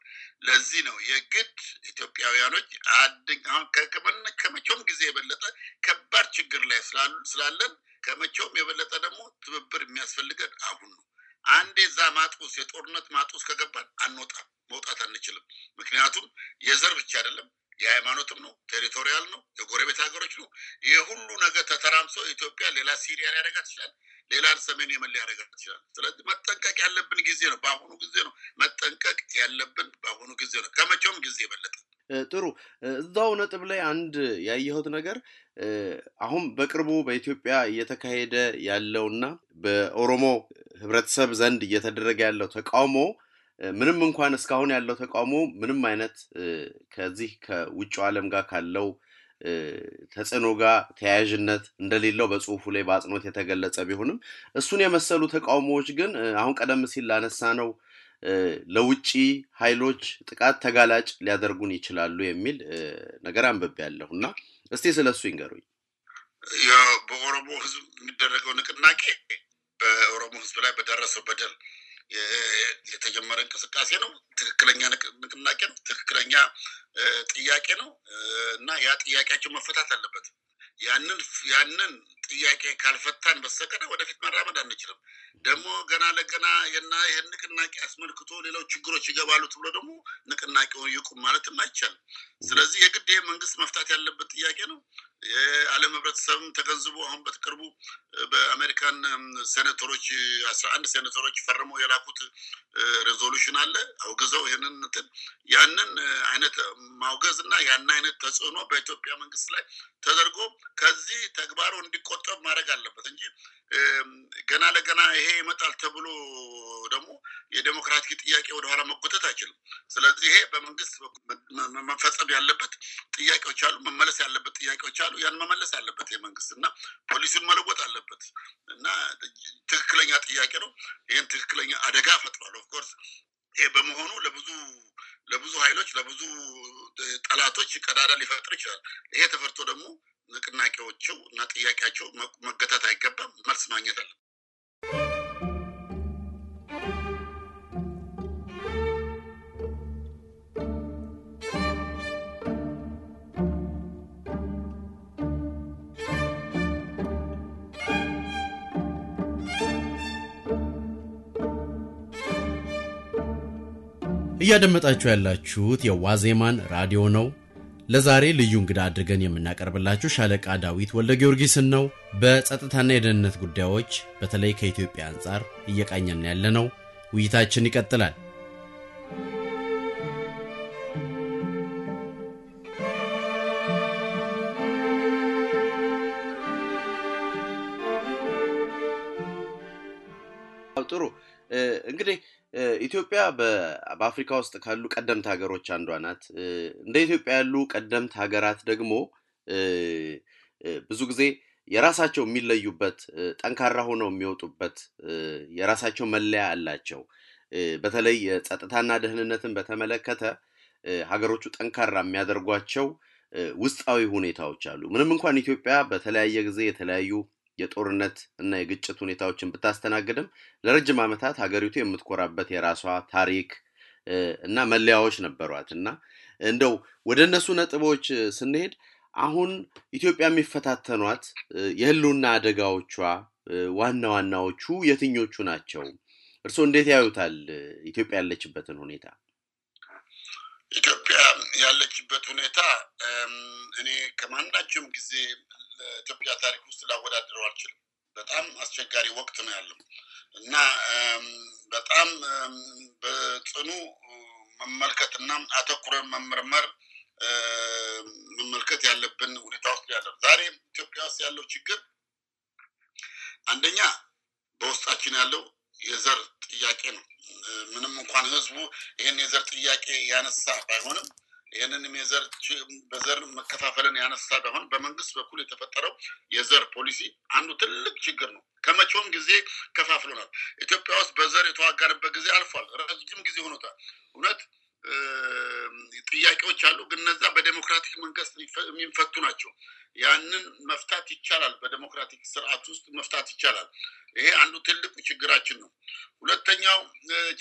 ለዚህ ነው የግድ ኢትዮጵያውያኖች አድግ አሁን ከመቼውም ጊዜ የበለጠ ከባድ ችግር ላይ ስላለን ከመቼውም የበለጠ ደግሞ ትብብር የሚያስፈልገን አሁን ነው። አንዴ እዛ ማጥቁስ የጦርነት ማጥቁስ ከገባን አንወጣ መውጣት አንችልም። ምክንያቱም የዘር ብቻ አይደለም የሃይማኖትም ነው፣ ቴሪቶሪያል ነው፣ የጎረቤት ሀገሮች ነው። ይህ ሁሉ ነገር ተተራምሶ ኢትዮጵያ ሌላ ሲሪያ ሊያደጋ ትችላል ሌላ ሰሜን የመን ሊያደርጋት ይችላል። ስለዚህ መጠንቀቅ ያለብን ጊዜ ነው፣ በአሁኑ ጊዜ ነው። መጠንቀቅ ያለብን በአሁኑ ጊዜ ነው፣ ከመቼውም ጊዜ የበለጠ። ጥሩ። እዛው ነጥብ ላይ አንድ ያየሁት ነገር አሁን በቅርቡ በኢትዮጵያ እየተካሄደ ያለውና በኦሮሞ ህብረተሰብ ዘንድ እየተደረገ ያለው ተቃውሞ ምንም እንኳን እስካሁን ያለው ተቃውሞ ምንም አይነት ከዚህ ከውጭው ዓለም ጋር ካለው ተጽዕኖ ጋር ተያያዥነት እንደሌለው በጽሁፉ ላይ በአጽንኦት የተገለጸ ቢሆንም እሱን የመሰሉ ተቃውሞዎች ግን አሁን ቀደም ሲል ላነሳ ነው ለውጭ ኃይሎች ጥቃት ተጋላጭ ሊያደርጉን ይችላሉ የሚል ነገር አንብብ ያለሁ እና እስቲ ስለ እሱ ይንገሩኝ። በኦሮሞ ህዝብ የሚደረገው ንቅናቄ በኦሮሞ ህዝብ ላይ በደረሰው በደል የተጀመረ እንቅስቃሴ ነው። ትክክለኛ ንቅናቄ ነው። ትክክለኛ ጥያቄ ነው እና ያ ጥያቄያቸው መፈታት አለበት። ያንን ያንን ጥያቄ ካልፈታን በስተቀር ወደፊት መራመድ አንችልም። ደግሞ ገና ለገና የና ይህን ንቅናቄ አስመልክቶ ሌላው ችግሮች ይገባሉ ተብሎ ደግሞ ንቅናቄውን ይቁም ማለትም አይቻልም። ስለዚህ የግድ ይህ መንግስት መፍታት ያለበት ጥያቄ ነው። የዓለም ህብረተሰብም ተገንዝቦ አሁን በቅርቡ በአሜሪካን ሴኔተሮች አስራ አንድ ሴኔተሮች ፈርመው የላኩት ሬዞሉሽን አለ አውግዘው ይህንን እንትን ያንን አይነት ማውገዝ እና ያን አይነት ተጽዕኖ በኢትዮጵያ መንግስት ላይ ተደርጎ ከዚህ ተግባሩ እንዲቆ ቆጠብ ማድረግ አለበት እንጂ ገና ለገና ይሄ ይመጣል ተብሎ ደግሞ የዴሞክራቲክ ጥያቄ ወደኋላ መጎተት አይችልም። ስለዚህ ይሄ በመንግስት መፈጸም ያለበት ጥያቄዎች አሉ፣ መመለስ ያለበት ጥያቄዎች አሉ። ያን መመለስ አለበት የመንግስት እና ፖሊሲን መለወጥ አለበት እና ትክክለኛ ጥያቄ ነው። ይህን ትክክለኛ አደጋ ፈጥሯል። ኦፍኮርስ ይሄ በመሆኑ ለብዙ ለብዙ ኃይሎች ለብዙ ጠላቶች ቀዳዳ ሊፈጥር ይችላል። ይሄ ተፈርቶ ደግሞ ንቅናቄዎቸው እና ጥያቄያቸው መገታት አይገባም። መልስ ማግኘት አለ። እያደመጣችሁ ያላችሁት የዋዜማን ራዲዮ ነው። ለዛሬ ልዩ እንግዳ አድርገን የምናቀርብላችሁ ሻለቃ ዳዊት ወልደ ጊዮርጊስን ነው። በጸጥታና የደህንነት ጉዳዮች በተለይ ከኢትዮጵያ አንጻር እየቃኘን ያለነው ውይይታችን ይቀጥላል። ኢትዮጵያ በአፍሪካ ውስጥ ካሉ ቀደምት ሀገሮች አንዷ ናት። እንደ ኢትዮጵያ ያሉ ቀደምት ሀገራት ደግሞ ብዙ ጊዜ የራሳቸው የሚለዩበት ጠንካራ ሆነው የሚወጡበት የራሳቸው መለያ አላቸው። በተለይ ጸጥታና ደህንነትን በተመለከተ ሀገሮቹ ጠንካራ የሚያደርጓቸው ውስጣዊ ሁኔታዎች አሉ። ምንም እንኳን ኢትዮጵያ በተለያየ ጊዜ የተለያዩ የጦርነት እና የግጭት ሁኔታዎችን ብታስተናግድም ለረጅም ዓመታት ሀገሪቱ የምትኮራበት የራሷ ታሪክ እና መለያዎች ነበሯት እና እንደው ወደ እነሱ ነጥቦች ስንሄድ አሁን ኢትዮጵያ የሚፈታተኗት የህልውና አደጋዎቿ ዋና ዋናዎቹ የትኞቹ ናቸው? እርስዎ እንዴት ያዩታል ኢትዮጵያ ያለችበትን ሁኔታ? ኢትዮጵያ ያለችበት ሁኔታ እኔ ከማናቸውም ጊዜ ለኢትዮጵያ ታሪክ ውስጥ ላወዳድረው አልችልም። በጣም አስቸጋሪ ወቅት ነው ያለው እና በጣም በጽኑ መመልከትና አተኩረን መመርመር መመልከት ያለብን ሁኔታ ውስጥ ያለው ዛሬ ኢትዮጵያ ውስጥ ያለው ችግር አንደኛ በውስጣችን ያለው የዘር ጥያቄ ነው። ምንም እንኳን ህዝቡ ይህን የዘር ጥያቄ ያነሳ ባይሆንም ይህንንም የዘር በዘር መከፋፈልን ያነሳ ቢሆን በመንግስት በኩል የተፈጠረው የዘር ፖሊሲ አንዱ ትልቅ ችግር ነው። ከመቼውም ጊዜ ከፋፍሎናል። ኢትዮጵያ ውስጥ በዘር የተዋጋንበት ጊዜ አልፏል። ረጅም ጊዜ ሆኖታል። እውነት ጥያቄዎች አሉ፣ ግን እነዛ በዴሞክራቲክ መንግስት የሚፈቱ ናቸው። ያንን መፍታት ይቻላል። በዴሞክራቲክ ስርዓት ውስጥ መፍታት ይቻላል። ይሄ አንዱ ትልቅ ችግራችን ነው። ሁለተኛው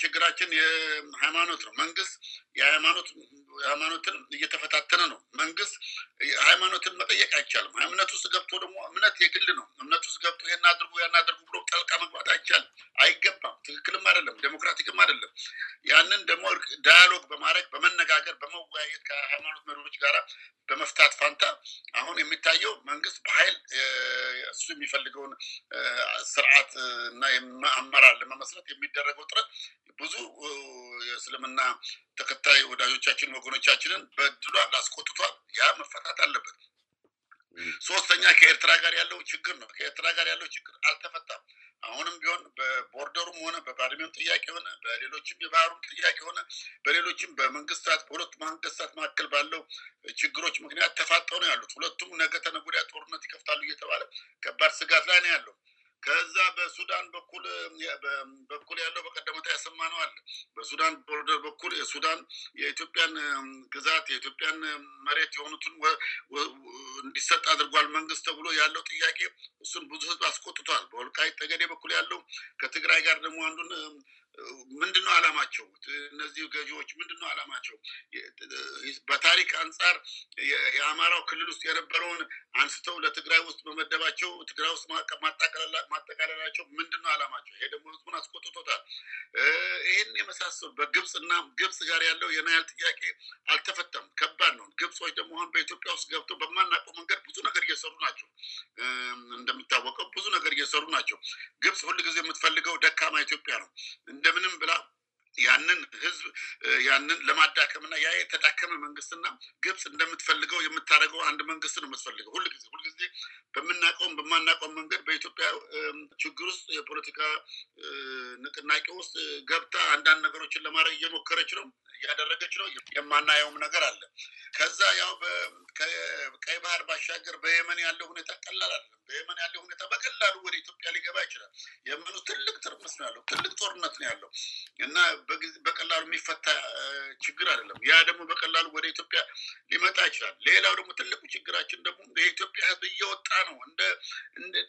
ችግራችን የሃይማኖት ነው። መንግስት ሃይማኖትን እየተፈታተነ ነው። መንግስት ሃይማኖትን መጠየቅ አይቻልም። እምነት ውስጥ ገብቶ ደግሞ እምነት የግል ነው። እምነት ውስጥ ገብቶ ይሄን አድርጉ ያን አድርጉ ብሎ ጠልቃ መግባት አይቻልም፣ አይገባም። ትክክልም አይደለም፣ ዴሞክራቲክም አይደለም። ያንን ደግሞ ዳያሎግ በማድረግ በመነጋገር በመወያየት ከሃይማኖት መሪዎች ጋራ በመፍታት ፋንታ አሁን የሚ የሚታየው መንግስት በኃይል እሱ የሚፈልገውን ስርዓት እና አመራር ለመመስረት የሚደረገው ጥረት ብዙ የእስልምና ተከታይ ወዳጆቻችን ወገኖቻችንን በድሏ ላስቆጥቷል። ያ መፈታት አለበት። ሶስተኛ ከኤርትራ ጋር ያለው ችግር ነው። ከኤርትራ ጋር ያለው ችግር አልተፈ አሁንም ቢሆን በቦርደሩም ሆነ በባድሜም ጥያቄ ሆነ በሌሎችም የባህሩም ጥያቄ ሆነ በሌሎችም በመንግስታት በሁለቱ መንግስታት መካከል ባለው ችግሮች ምክንያት ተፋጠው ነው ያሉት። ሁለቱም ነገ ተነገ ወዲያ ጦርነት ይከፍታሉ እየተባለ ከባድ ስጋት ላይ ነው ያለው። ከዛ በሱዳን በኩል በኩል ያለው በቀደመታ ያሰማ ነው አለ። በሱዳን ቦርደር በኩል የሱዳን የኢትዮጵያን ግዛት የኢትዮጵያን መሬት የሆኑትን እንዲሰጥ አድርጓል መንግስት ተብሎ ያለው ጥያቄ እሱን ብዙ ህዝብ አስቆጥቷል። በወልቃይ ጠገዴ በኩል ያለው ከትግራይ ጋር ደግሞ አንዱን ምንድነው አላማቸው? እነዚህ ገዢዎች ምንድነው አላማቸው? በታሪክ አንጻር የአማራው ክልል ውስጥ የነበረውን አንስተው ለትግራይ ውስጥ በመደባቸው ትግራይ ውስጥ ማጠቃለላቸው ምንድነው አላማቸው? ይሄ ደግሞ ህዝቡን አስቆጥቶታል። ይህን የመሳሰሉ በግብፅ እና ግብፅ ጋር ያለው የናይል ጥያቄ አልተፈተም ከባድ ነው። ግብጾች ደግሞ አሁን በኢትዮጵያ ውስጥ ገብተው በማናውቀው መንገድ ብዙ ነገር እየሰሩ ናቸው። እንደሚታወቀው ብዙ ነገር እየሰሩ ናቸው። ግብፅ ሁልጊዜ የምትፈልገው ደካማ ኢትዮጵያ ነው። እንደምንም ብላ ያንን ህዝብ ያንን ለማዳከምና ያ የተዳከመ መንግስትና ግብፅ እንደምትፈልገው የምታደርገው አንድ መንግስት ነው የምትፈልገው። ሁልጊዜ ሁልጊዜ በምናውቀውም በማናውቀውም መንገድ በኢትዮጵያ ችግር ውስጥ የፖለቲካ ንቅናቄ ውስጥ ገብታ አንዳንድ ነገሮችን ለማድረግ እየሞከረች ነው፣ እያደረገች ነው። የማናየውም ነገር አለ። ከዛ ያው ቀይ ባህር ባሻገር በየመን ያለው ሁኔታ ቀላል አለ። በየመን ያለው ሁኔታ በቀላሉ ወደ ኢትዮጵያ ሊገባ ይችላል። የመኑ ትልቅ ትርምስ ነው ያለው፣ ትልቅ ጦርነት ነው ያለው እና በቀላሉ የሚፈታ ችግር አይደለም። ያ ደግሞ በቀላሉ ወደ ኢትዮጵያ ሊመጣ ይችላል። ሌላው ደግሞ ትልቁ ችግራችን ደግሞ የኢትዮጵያ ሕዝብ እየወጣ ነው። እንደ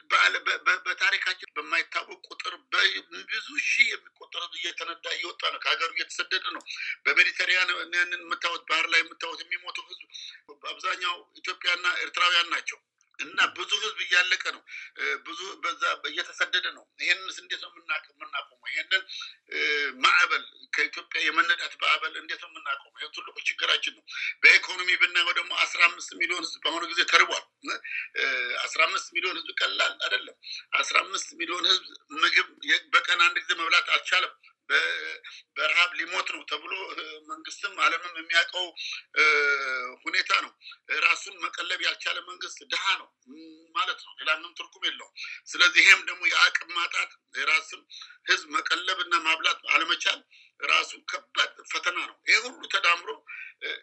በታሪካችን በማይታወቅ ቁጥር በብዙ ሺህ የሚቆጠር እየተነዳ እየወጣ ነው። ከሀገሩ እየተሰደደ ነው። በሜዲተሪያን ያንን የምታወት ባህር ላይ የምታወት የሚሞቱ ሕዝብ አብዛኛው ኢትዮጵያና ኤርትራውያን ናቸው። እና ብዙ ህዝብ እያለቀ ነው። ብዙ በዛ እየተሰደደ ነው። ይሄንስ እንዴት ነው የምናቆመው? ይሄንን ማዕበል ከኢትዮጵያ የመነዳት ማዕበል እንዴት ነው የምናቆመው? ይህ ትልቁ ችግራችን ነው። በኢኮኖሚ ብናየው ደግሞ አስራ አምስት ሚሊዮን ህዝብ በአሁኑ ጊዜ ተርቧል። አስራ አምስት ሚሊዮን ህዝብ ቀላል አይደለም። አስራ አምስት ሚሊዮን ህዝብ ምግብ በቀን አንድ ጊዜ መብላት አልቻለም። ሞት ነው ተብሎ መንግስትም አለምም የሚያውቀው ሁኔታ ነው። ራሱን መቀለብ ያልቻለ መንግስት ድሃ ነው ማለት ነው። ሌላ ምንም ትርጉም የለውም። ስለዚህ ይሄም ደግሞ የአቅም ማጣት የራስን ህዝብ መቀለብ እና ማብላት አለመቻል ራሱ ከባድ ፈተና ነው። ይሄ ሁሉ ተዳምሮ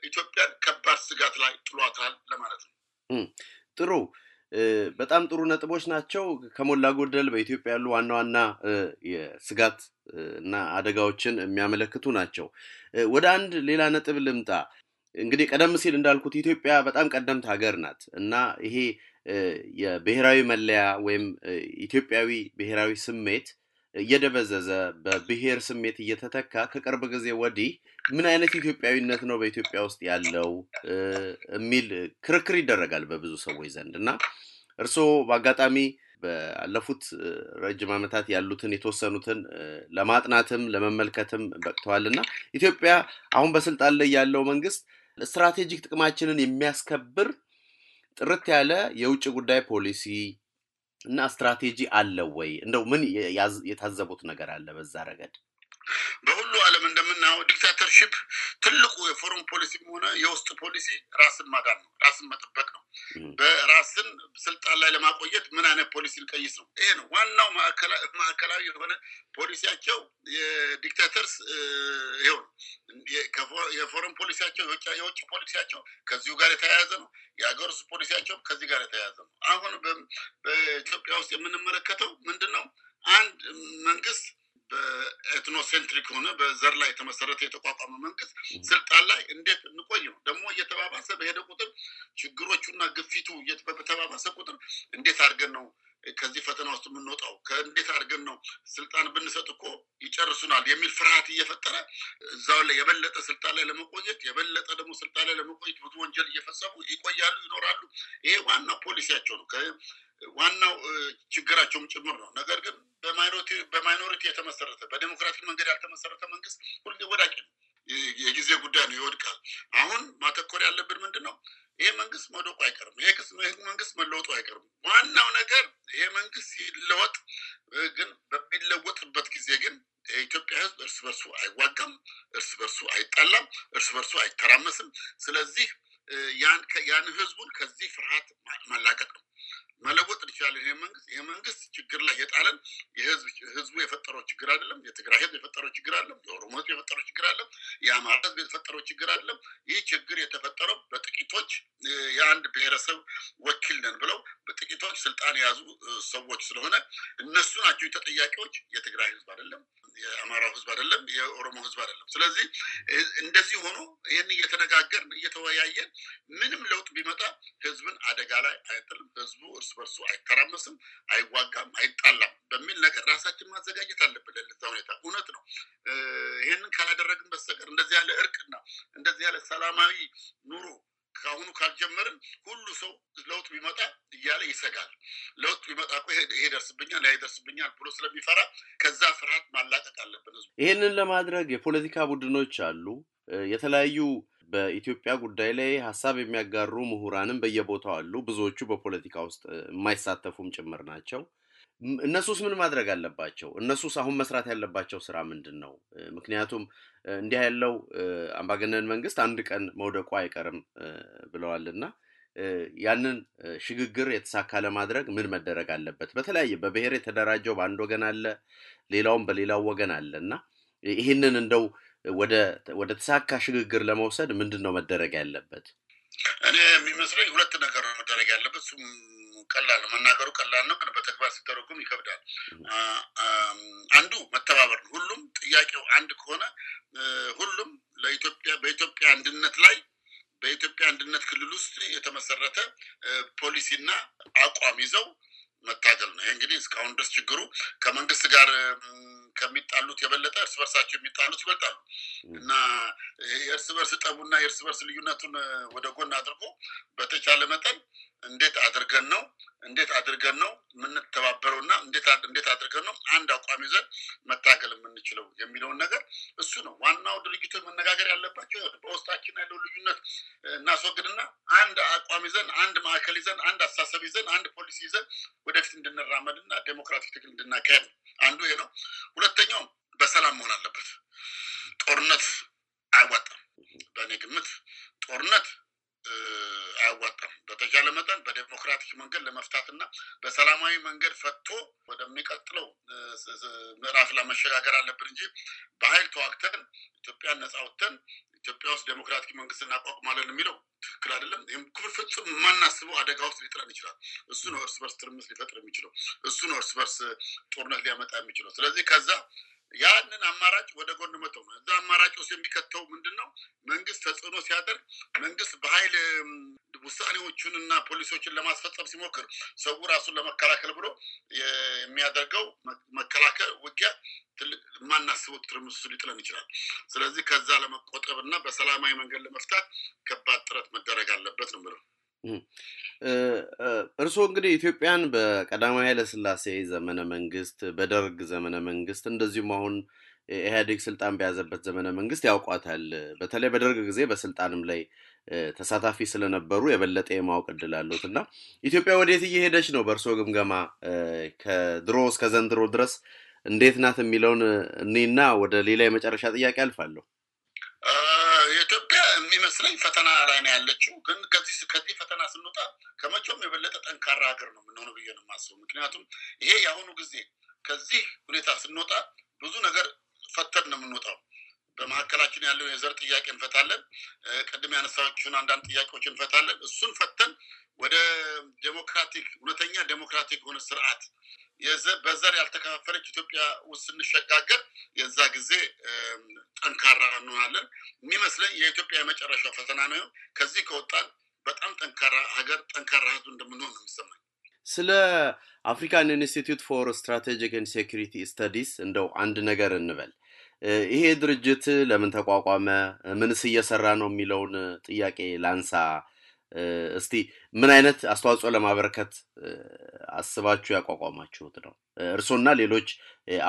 ኢትዮጵያን ከባድ ስጋት ላይ ጥሏታል ለማለት ነው። ጥሩ በጣም ጥሩ ነጥቦች ናቸው። ከሞላ ጎደል በኢትዮጵያ ያሉ ዋና ዋና የስጋት እና አደጋዎችን የሚያመለክቱ ናቸው። ወደ አንድ ሌላ ነጥብ ልምጣ። እንግዲህ ቀደም ሲል እንዳልኩት ኢትዮጵያ በጣም ቀደምት ሀገር ናት እና ይሄ የብሔራዊ መለያ ወይም ኢትዮጵያዊ ብሔራዊ ስሜት እየደበዘዘ በብሔር ስሜት እየተተካ ከቅርብ ጊዜ ወዲህ ምን አይነት ኢትዮጵያዊነት ነው በኢትዮጵያ ውስጥ ያለው የሚል ክርክር ይደረጋል በብዙ ሰዎች ዘንድ እና እርስዎ በአጋጣሚ ባለፉት ረጅም ዓመታት ያሉትን የተወሰኑትን ለማጥናትም ለመመልከትም በቅተዋል እና ኢትዮጵያ አሁን በስልጣን ላይ ያለው መንግስት ስትራቴጂክ ጥቅማችንን የሚያስከብር ጥርት ያለ የውጭ ጉዳይ ፖሊሲ እና ስትራቴጂ አለው ወይ? እንደው ምን የታዘቡት ነገር አለ በዛ ረገድ? በሁሉ ዓለም እንደምናየው ዲክታተርሽፕ ትልቁ የፎረን ፖሊሲም ሆነ የውስጥ ፖሊሲ ራስን ማዳን ነው፣ ራስን መጠበቅ ነው። በራስን ስልጣን ላይ ለማቆየት ምን አይነት ፖሊሲ ልቀይስ ነው? ይሄ ነው ዋናው ማዕከላዊ የሆነ ፖሊሲያቸው። የዲክታተርስ ይኸው የፎረን ፖሊሲያቸው የውጭ ፖሊሲያቸው ከዚሁ ጋር የተያያዘ ነው። የሀገር ውስጥ ፖሊሲያቸው ከዚህ ጋር የተያያዘ ነው። አሁን በኢትዮጵያ ውስጥ የምንመለከተው ምንድን ነው? አንድ መንግስት በኤትኖሴንትሪክ ሆነ በዘር ላይ የተመሰረተ የተቋቋመ መንግስት ስልጣን ላይ እንዴት እንቆይ ነው? ደግሞ እየተባባሰ በሄደ ቁጥር ችግሮቹና ግፊቱ በተባባሰ ቁጥር እንዴት አድርገን ነው ከዚህ ፈተና ውስጥ የምንወጣው ከእንዴት አድርገን ነው ስልጣን ብንሰጥ እኮ ይጨርሱናል የሚል ፍርሃት እየፈጠረ እዛው ላይ የበለጠ ስልጣን ላይ ለመቆየት የበለጠ ደግሞ ስልጣን ላይ ለመቆየት ብዙ ወንጀል እየፈጸሙ ይቆያሉ፣ ይኖራሉ። ይሄ ዋና ፖሊሲያቸው ነው፣ ዋናው ችግራቸውም ጭምር ነው። ነገር ግን በማይኖሪቲ የተመሰረተ በዴሞክራቲክ መንገድ ያልተመሰረተ መንግስት ሁሌ ወዳቂ ነው፣ የጊዜ ጉዳይ ነው፣ ይወድቃል። አሁን ማተኮር ያለብን መንግስት መውደቁ አይቀርም። ይህ መንግስት መለወጡ አይቀርም። ዋናው ነገር ይሄ መንግስት ሲለወጥ ግን በሚለወጥበት ጊዜ ግን የኢትዮጵያ ህዝብ እርስ በርሱ አይዋጋም፣ እርስ በርሱ አይጣላም፣ እርስ በርሱ አይተራመስም። ስለዚህ ያን ህዝቡን ከዚህ ፍርሃት ማላቀቅ ነው። መለወጥ እንችላለን። ይሄ መንግስት ይሄ መንግስት ችግር ላይ የጣለን ህዝቡ የፈጠረው ችግር አይደለም። የትግራይ ህዝብ የፈጠረው ችግር አይደለም። የኦሮሞ ህዝብ የፈጠረው ችግር አይደለም። የአማራ ህዝብ የተፈጠረው ችግር አይደለም። ይህ ችግር የተፈጠረው በጥቂቶች የአንድ ብሔረሰብ ወኪል ነን ብለው በጥቂቶች ስልጣን የያዙ ሰዎች ስለሆነ እነሱ ናቸው ተጠያቂዎች። የትግራይ ህዝብ አይደለም። የአማራው ህዝብ አይደለም። የኦሮሞ ህዝብ አይደለም። ስለዚህ እንደዚህ ሆኖ ይህን እየተነጋገርን እየተወያየን ምንም ለውጥ ቢመጣ ህዝብን አደጋ ላይ አይጥልም። ህዝቡ እርስ እርስ በርሱ አይተራመስም፣ አይዋጋም፣ አይጣላም በሚል ነገር ራሳችን ማዘጋጀት አለብን ለዛ ሁኔታ። እውነት ነው። ይህንን ካላደረግን በስተቀር እንደዚህ ያለ እርቅና እንደዚህ ያለ ሰላማዊ ኑሮ ከአሁኑ ካልጀመርን ሁሉ ሰው ለውጥ ቢመጣ እያለ ይሰጋል። ለውጥ ቢመጣ እኮ ይሄ ደርስብኛል፣ ያ ይደርስብኛል ብሎ ስለሚፈራ ከዛ ፍርሃት ማላቀቅ አለብን። ይህንን ለማድረግ የፖለቲካ ቡድኖች አሉ የተለያዩ በኢትዮጵያ ጉዳይ ላይ ሀሳብ የሚያጋሩ ምሁራንም በየቦታው አሉ። ብዙዎቹ በፖለቲካ ውስጥ የማይሳተፉም ጭምር ናቸው። እነሱስ ምን ማድረግ አለባቸው? እነሱስ አሁን መስራት ያለባቸው ስራ ምንድን ነው? ምክንያቱም እንዲህ ያለው አምባገነን መንግስት አንድ ቀን መውደቁ አይቀርም ብለዋል እና ያንን ሽግግር የተሳካ ለማድረግ ምን መደረግ አለበት? በተለያየ በብሔር የተደራጀው በአንድ ወገን አለ፣ ሌላውም በሌላው ወገን አለ እና ይህንን እንደው ወደ ተሳካ ሽግግር ለመውሰድ ምንድን ነው መደረግ ያለበት? እኔ የሚመስለኝ ሁለት ነገር ነው መደረግ ያለበት። እሱም ቀላል መናገሩ ቀላል ነው፣ ግን በተግባር ሲተረጉም ይከብዳል። አንዱ መተባበር ነው። ሁሉም ጥያቄው አንድ ከሆነ ሁሉም ለኢትዮጵያ በኢትዮጵያ አንድነት ላይ በኢትዮጵያ አንድነት ክልል ውስጥ የተመሰረተ ፖሊሲና አቋም ይዘው መታገል ነው። ይህ እንግዲህ እስካሁን ድረስ ችግሩ ከመንግስት ጋር ከሚጣሉት የበለጠ እርስ በርሳቸው የሚጣሉት ይበልጣሉ እና የእርስ በርስ ጠቡና የእርስ በርስ ልዩነቱን ወደ ጎን አድርጎ በተቻለ መጠን እንዴት አድርገን ነው እንዴት አድርገን ነው የምንተባበረው እና እንዴት አድርገን ነው አንድ አቋም ይዘን መታገል የምንችለው የሚለውን ነገር እሱ ነው ዋናው። ድርጅቶች መነጋገር ያለባቸው በውስጣችን ያለው ልዩነት እናስወግድና አንድ አቋም ይዘን አንድ ማዕከል ይዘን አንድ አስተሳሰብ ይዘን አንድ ፖሊሲ ይዘን ወደፊት እንድንራመድና ዴሞክራቲክ ትግል እንድናካሄድ ነው። አንዱ ይሄ ነው። ሁለተኛው በሰላም መሆን አለበት። ጦርነት አያዋጣም። በእኔ ግምት ጦርነት አያዋጣም። በተቻለ መጠን በዴሞክራቲክ መንገድ ለመፍታትና በሰላማዊ መንገድ ፈቶ ወደሚቀጥለው ምዕራፍ ለመሸጋገር አለብን እንጂ በኃይል ተዋግተን ኢትዮጵያን ነፃውተን። ወጥተን ኢትዮጵያ ውስጥ ዴሞክራቲክ መንግስት እናቋቁማለን የሚለው ትክክል አይደለም። ይህም ክፍል ፍጹም የማናስበው አደጋ ውስጥ ሊጥረን ይችላል። እሱ ነው እርስ በርስ ትርምስ ሊፈጥር የሚችለው። እሱ ነው እርስ በርስ ጦርነት ሊያመጣ የሚችለው። ስለዚህ ከዛ ያንን አማራጭ ወደ ጎን መተው ነው። እዛ አማራጭ ውስጥ የሚከተው ምንድን ነው? መንግስት ተጽዕኖ ሲያደርግ መንግስት በኃይል ውሳኔዎቹን እና ፖሊሲዎችን ለማስፈጸም ሲሞክር ሰው ራሱን ለመከላከል ብሎ የሚያደርገው መከላከል ውጊያ ትልቅ የማናስበው ትርምስ ሊጥለን ይችላል። ስለዚህ ከዛ ለመቆጠብ እና በሰላማዊ መንገድ ለመፍታት ከባድ ጥረት መደረግ አለበት ነው የምለው። እርስዎ እንግዲህ ኢትዮጵያን በቀዳማዊ ስላሴ ዘመነ መንግስት፣ በደርግ ዘመነ መንግስት እንደዚሁም አሁን ኢህአዴግ ስልጣን በያዘበት ዘመነ መንግስት ያውቋታል። በተለይ በደርግ ጊዜ በስልጣንም ላይ ተሳታፊ ስለነበሩ የበለጠ የማወቅ እድል አለዎት እና ኢትዮጵያ ወዴት እየሄደች ነው? በእርስዎ ግምገማ ከድሮ እስከ ዘንድሮ ድረስ እንዴት ናት የሚለውን እኔና ወደ ሌላ የመጨረሻ ጥያቄ አልፋለሁ። የሚመስለኝ ፈተና ላይ ነው ያለችው። ግን ከዚህ ከዚህ ፈተና ስንወጣ ከመቼውም የበለጠ ጠንካራ ሀገር ነው የምንሆነው ብዬ ነው የማስበው። ምክንያቱም ይሄ የአሁኑ ጊዜ ከዚህ ሁኔታ ስንወጣ ብዙ ነገር ፈተን ነው የምንወጣው። በመካከላችን ያለው የዘር ጥያቄ እንፈታለን። ቅድም ያነሳችሁን አንዳንድ ጥያቄዎች እንፈታለን። እሱን ፈተን ወደ ዴሞክራቲክ እውነተኛ ዴሞክራቲክ የሆነ ስርዓት በዘር ያልተከፋፈለች ኢትዮጵያ ውስጥ ስንሸጋገር የዛ ጊዜ ጠንካራ እንሆናለን። የሚመስለኝ የኢትዮጵያ የመጨረሻ ፈተና ነው። ከዚህ ከወጣን በጣም ጠንካራ ሀገር፣ ጠንካራ ህዝብ እንደምንሆን ነው የሚሰማኝ። ስለ አፍሪካን ኢንስቲትዩት ፎር ስትራቴጂክ ኤንድ ሴኩሪቲ ስተዲስ እንደው አንድ ነገር እንበል። ይሄ ድርጅት ለምን ተቋቋመ? ምንስ እየሰራ ነው የሚለውን ጥያቄ ላንሳ። እስቲ ምን አይነት አስተዋጽኦ ለማበረከት አስባችሁ ያቋቋማችሁት ነው? እርሶና ሌሎች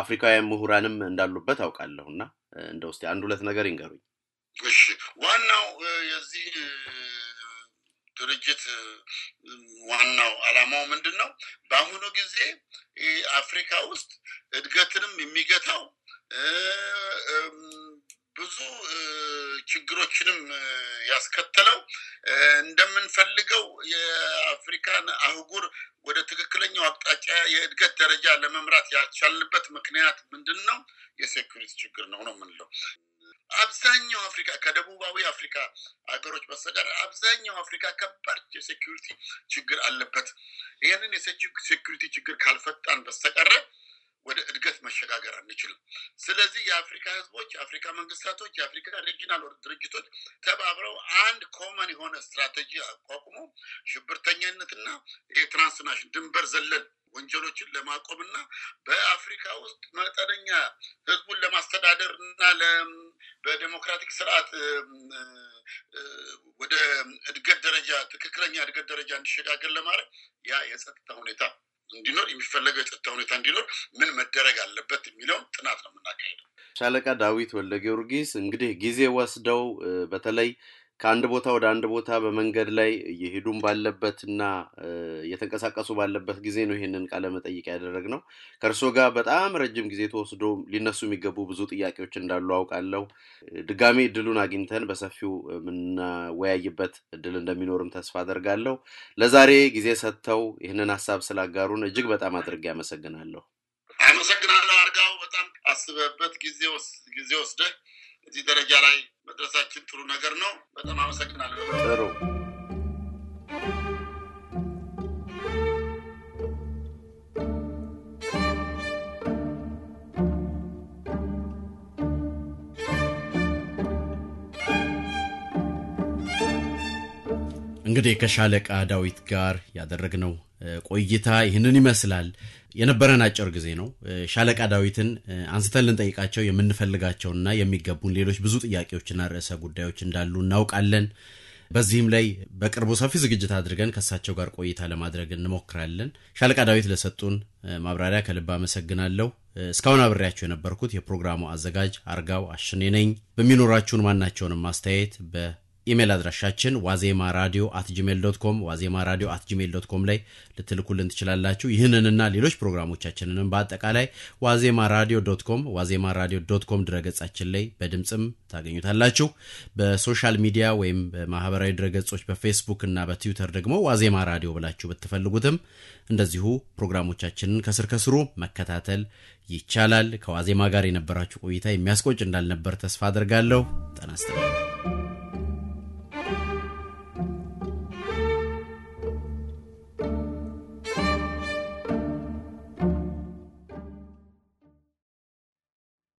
አፍሪካውያን ምሁራንም እንዳሉበት አውቃለሁና እንደ ውስጥ አንድ ሁለት ነገር ይንገሩኝ። እሺ፣ ዋናው የዚህ ድርጅት ዋናው አላማው ምንድን ነው? በአሁኑ ጊዜ አፍሪካ ውስጥ እድገትንም የሚገታው ብዙ ችግሮችንም ያስከተለው እንደምንፈልገው የአፍሪካን አህጉር ወደ ትክክለኛው አቅጣጫ የእድገት ደረጃ ለመምራት ያልቻልንበት ምክንያት ምንድን ነው? የሴኩሪቲ ችግር ነው ነው የምንለው። አብዛኛው አፍሪካ ከደቡባዊ አፍሪካ ሀገሮች በስተቀር አብዛኛው አፍሪካ ከባድ የሴኩሪቲ ችግር አለበት። ይህንን የሴኩሪቲ ችግር ካልፈጣን በስተቀረ ወደ እድገት መሸጋገር አንችልም። ስለዚህ የአፍሪካ ህዝቦች፣ የአፍሪካ መንግስታቶች፣ የአፍሪካ ሬጂናል ድርጅቶች ተባብረው አንድ ኮመን የሆነ ስትራቴጂ አቋቁሞ ሽብርተኛነትና የትራንስናሽን ድንበር ዘለል ወንጀሎችን ለማቆም እና በአፍሪካ ውስጥ መጠነኛ ህዝቡን ለማስተዳደር እና በዴሞክራቲክ ስርዓት ወደ እድገት ደረጃ ትክክለኛ እድገት ደረጃ እንዲሸጋገር ለማድረግ ያ የጸጥታ ሁኔታ እንዲኖር የሚፈለገው የጸጥታ ሁኔታ እንዲኖር ምን መደረግ አለበት የሚለውን ጥናት ነው የምናካሄደው። ሻለቃ ዳዊት ወልደ ጊዮርጊስ እንግዲህ ጊዜ ወስደው በተለይ ከአንድ ቦታ ወደ አንድ ቦታ በመንገድ ላይ እየሄዱም ባለበትና እየተንቀሳቀሱ ባለበት ጊዜ ነው ይህንን ቃለ መጠይቅ ነው ከእርስ ጋር በጣም ረጅም ጊዜ ተወስዶ ሊነሱ የሚገቡ ብዙ ጥያቄዎች እንዳሉ አውቃለሁ። ድጋሜ እድሉን አግኝተን በሰፊው የምናወያይበት እድል እንደሚኖርም ተስፋ አደርጋለሁ። ለዛሬ ጊዜ ሰጥተው ይህንን ሀሳብ ስላጋሩን እጅግ በጣም አድርጌ አመሰግናለሁ። አመሰግናለሁ አርጋው። በጣም አስበበት ጊዜ ወስደህ እዚህ ደረጃ ላይ መድረሳችን ጥሩ ነገር ነው። በጣም አመሰግናለሁ። ጥሩ እንግዲህ ከሻለቃ ዳዊት ጋር ያደረግነው ቆይታ ይህንን ይመስላል። የነበረን አጭር ጊዜ ነው። ሻለቃ ዳዊትን አንስተን ልንጠይቃቸው የምንፈልጋቸውና የሚገቡን ሌሎች ብዙ ጥያቄዎችና ርዕሰ ጉዳዮች እንዳሉ እናውቃለን። በዚህም ላይ በቅርቡ ሰፊ ዝግጅት አድርገን ከእሳቸው ጋር ቆይታ ለማድረግ እንሞክራለን። ሻለቃ ዳዊት ለሰጡን ማብራሪያ ከልብ አመሰግናለሁ። እስካሁን አብሬያቸው የነበርኩት የፕሮግራሙ አዘጋጅ አርጋው አሽኔ ነኝ። በሚኖራችሁን ማናቸውንም ማስተያየት በ ኢሜል አድራሻችን ዋዜማ ራዲዮ አት ጂሜል ዶት ኮም ዋዜማ ራዲዮ አት ጂሜል ዶት ኮም ላይ ልትልኩልን ትችላላችሁ። ይህንንና ሌሎች ፕሮግራሞቻችንንም በአጠቃላይ ዋዜማ ራዲዮ ዶት ኮም ዋዜማ ራዲዮ ዶት ኮም ድረገጻችን ላይ በድምፅም ታገኙታላችሁ። በሶሻል ሚዲያ ወይም በማህበራዊ ድረገጾች በፌስቡክ እና በትዊተር ደግሞ ዋዜማ ራዲዮ ብላችሁ ብትፈልጉትም እንደዚሁ ፕሮግራሞቻችንን ከስር ከስሩ መከታተል ይቻላል። ከዋዜማ ጋር የነበራችሁ ቆይታ የሚያስቆጭ እንዳልነበር ተስፋ አድርጋለሁ። ጤና ይስጥልኝ።